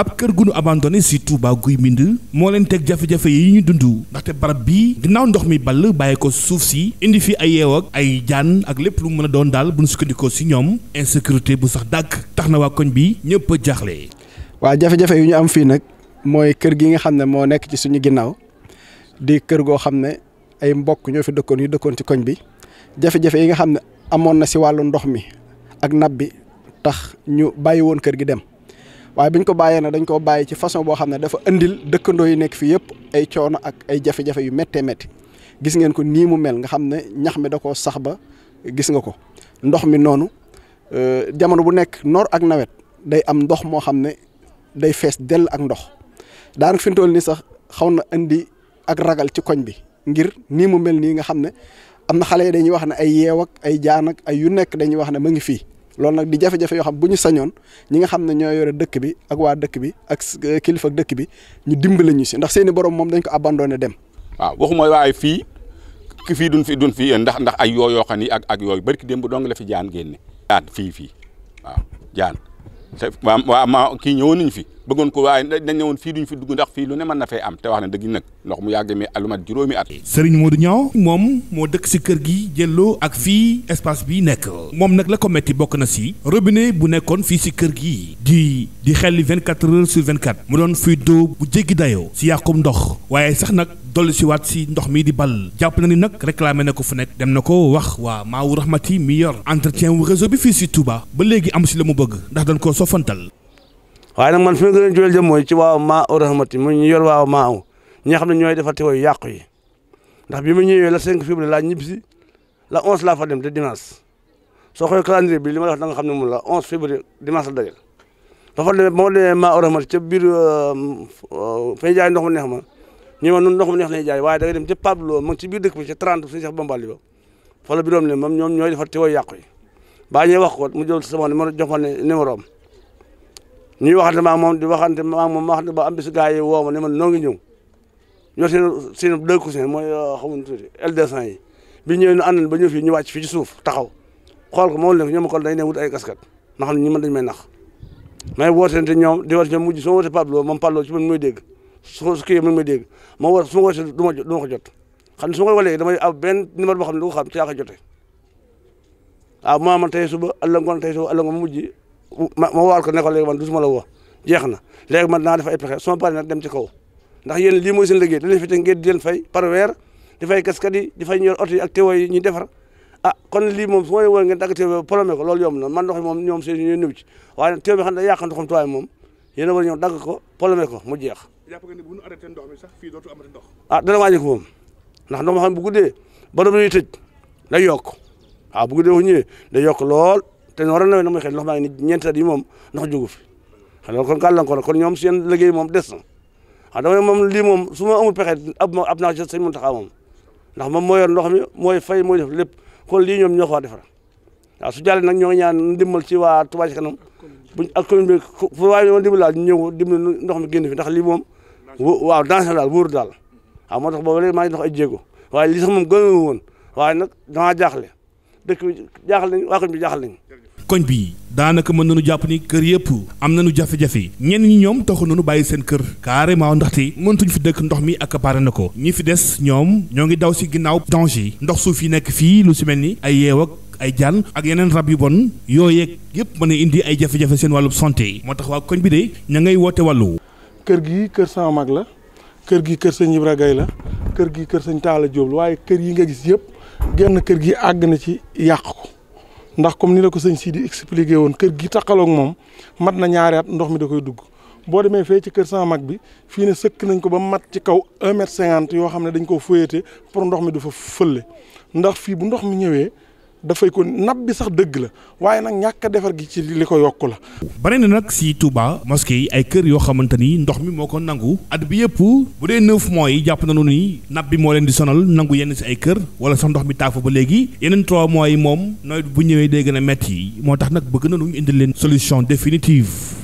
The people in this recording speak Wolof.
ab kër gu nu abandonné si Touba guy mbind moo leen teg jafe-jafe yi ñu dund ndaxte barab bi ginnaaw ndox mi ball bàyyi ko suuf si indi fi ay ak ay jaan ak lépp lu mën a doon daal bu sukkandikoo si ñoom insécurité bu sax dàkk tax na waa koñ bi ñëpp a waa jafe yu ñu am fii nag mooy kër gi nga xam ne moo nekk ci suñu ginnaaw di kër goo xam ne ay mbokk ñoo fi dëkkoon koñ bi jafe yi nga xam ne amoon na si wàllu ndox mi ak nab bi tax ñu bàyyi woon kër gi dem waaye bi ñu ko bàyyee nag dañ koo bàyyi ci façon boo xam ne dafa indil dëkkandoo yi nekk fii yëpp ay coono ak ay jafe-jafe yu méttee métti gis ngeen ko nii mu mel nga xam ne ñax mi da koo sax ba gis nga ko ndox mi noonu euh, jamono bu nekk noor ak nawet day am ndox moo xam ne day fees dell ak ndox daanaka fi mu toll nii sax xaw na indi ak ragal ci koñ bi ngir nii mu mel nii nga xam ne am na xale yi dañuy wax ne ay yeew ak ay jaanak ak ay yu nekk dañuy wax ne ma ngi fii loolu nag di jafe-jafe yoo xam bu ñu sañoon ñi nga xam ne ñoo yore dëkk bi ak waa dëkk bi ak eh, kilifa dëkk bi ñu dimbale ñu si ndax seeni borom moom dañ ko abandonné dem. waaw waxuma waaye fii ki fii duñ fi duñ fi ndax ndax ay yoo yoo xam ni ak ak yooyu barki démb dong la fi jaan génne. jaan fii fii waaw jaan. te waa ma kii ñëwoon nañ fi bëggoon ko waaye dañ ne woon fii duñ fi dugg ndax fii lu ne mën na fay am te wax na dëgg nag ndox mu yàggee mi alumat juróomi at. Serigne Modou Niang moom moo dëkk si kër gi jëlloo ak fii espace bi nekk moom nag la ko metti bokk na si robinet bu nekkoon fii si kër gi di di xelli 24 heures sur 24 mu doon fuy doo bu jéggi dayoo si yàqum ndox waaye sax nag. dolli si waat si ndox mi di bal jàpp na ni nag réclamé na ko fu nekk dem na ko wax waa Maawu Rahmati mi yor entretien wu réseau bi fii si Touba ba léegi am si la mu bëgg ndax dañ koo sofantal waaye nag man fi ma gën a mooy ci waaw Maawu Rahmati mu ñu yor waaw Maawu ñi nga xam ne ñooy defar te yu yàqu yi ndax bi ma ñëwee la 5 février laa ñibbisi la 11 laa fa dem de dimanche soo xoolee calendrier bi li ma la wax nga xam ne moom la 11 février dimanche la dajal dafa demee moo demee Maawu Rahmati biir euh, euh, fay jaay ndox neex ma ñu ma nun ndox mu neex lay jaay waaye da nga dem ci Pablo mu ngi ci biir dëkk bi ci 30 suñu Cheikh Bamba Liba fa la ne moom ñoom ñooy defar teewoo yàqu yi baa ñuy wax ko mu jël sama numéro jox ma ne numéro am ñuy waxante ma moom di waxante ma moom ma waxante ba am bis gars woo ma ne ma noo ngi ñëw ñoo seen seen deux cousins mooy euh, xamuñu tuuti L200 yi bi ñëwee ñu àndal ba ñëw fii ñu wàcc fii ci suuf taxaw xool ko moom la ñoom kon dañ ne wut ay gaskat nga xam ne ñi man dañ ma nax may wootante ñoom di woote ñoom mujj soo wootee Pablo moom Pablo ci man mooy dégg su ko kii mu ngi may dégg ma war su ma wootee du ma jot xam ne su ma ko léegi damay am benn numéro boo xam ne du ko xam ci laa ko jotee waaw maa man tey suba àll ngoon tey suba àll ngoon mu mujj ma ma waal ko ne ko su ma la woo jeex na léegi man naa def ay pexe su ma paree dem ci kaw ndax yéen lii mooy seen liggéey dañuy fi te ngeen di leen fay par weer di fay kaskat yi di fay ñor oto yi ak teewoo yi defar a ah kon lii moom su ma leen woo ngeen dagg teewoo polomé ko loolu yomb na man ndox mi moom ñoom seen ñooy dagg ko polomé ko mu jeex jàpp nga ne bu ñu arrêté ndox mi sax fii dootul amati ndox. ah dana wàññi ko moom ndax ndox ma xam bu guddee ba doon day yokk waaw ah, bu guddee bu ñëwee yokk lool te war na nawee na muy xel ndox maa ngi ni ñeenti at yi moom ndox jógu fi xelal ah, kon gàllankoor kon ñoom seen liggéey moom des na ah dama ne moom lii moom su ma amul pexe ab ma ab naa ci sëñ Muntaxa moom ndax moom moo ndox mi mooy fay mooy def lépp kon lii ñoom ñoo ko war defar waaw ah, su jàllee nag ñoo ngi ñaan ndimbal ci waa Touba ka Kanam buñ ak commune bi fu waaye ñoo laa ñëw dimbal ndox mi génn fi ndax lii moom waaw dansé daal buur daal waaw moo tax boobu léegi maa ngi dox ay jéego waaye li sax moom gënu woon waaye nag damaa jaaxle dëkk bi jaaxal nañ waa koñ bi jaaxal nañ koñ bi daanaka mën nañu jàpp ni kër yëpp am nañu jafe-jafe ñenn ñi ñoom taxu nañu bàyyi seen kër carrément ndaxte mëntuñ fi dëkk ndox mi accaparé na ko ñi fi des ñoom ñoo ngi daw si ginnaaw yi ndox suuf yi nekk fii lu si mel ni ay yeew ak ay jaan ak yeneen rab yu bon yooyeeg yëpp mën indi ay jafe-jafe seen wàllu santé moo kër gi kër sama mag la kër gi kër sëñ Ibra Gay la kër gi kër sëñ Taala Jóob la waaye kër yi nga gis yëpp genn kër gi àgg na ci yàq ko ndax comme ni la ko sëñ Sidi expliqué woon kër gi taqaloog moom mat na ñaari ndox mi da koy dugg boo demee fee ci kër sama mag bi fii ne sëkk nañ ko ba mat ci kaw un mètre cinquante yoo xam ne dañ koo foyete pour ndox mi du fa fële ndax fii bu ndox mi ñëwee dafay ko nab bi sax dëgg la waaye nag ñàkk a defar gi ci li ko yokk la. bare na nag si Touba mosquée yi ay kër yoo xamante ni ndox mi moo ko nangu at bi yëpp bu dee neuf mois yi jàpp nañu ni nab bi moo leen di sonal nangu yenn si ay kër wala sax ndox mi taafu ba léegi yeneen trois mois yi moom nawet bu ñëwee day gën a métti moo tax nag bëgg nañu ñu indil leen solution définitive.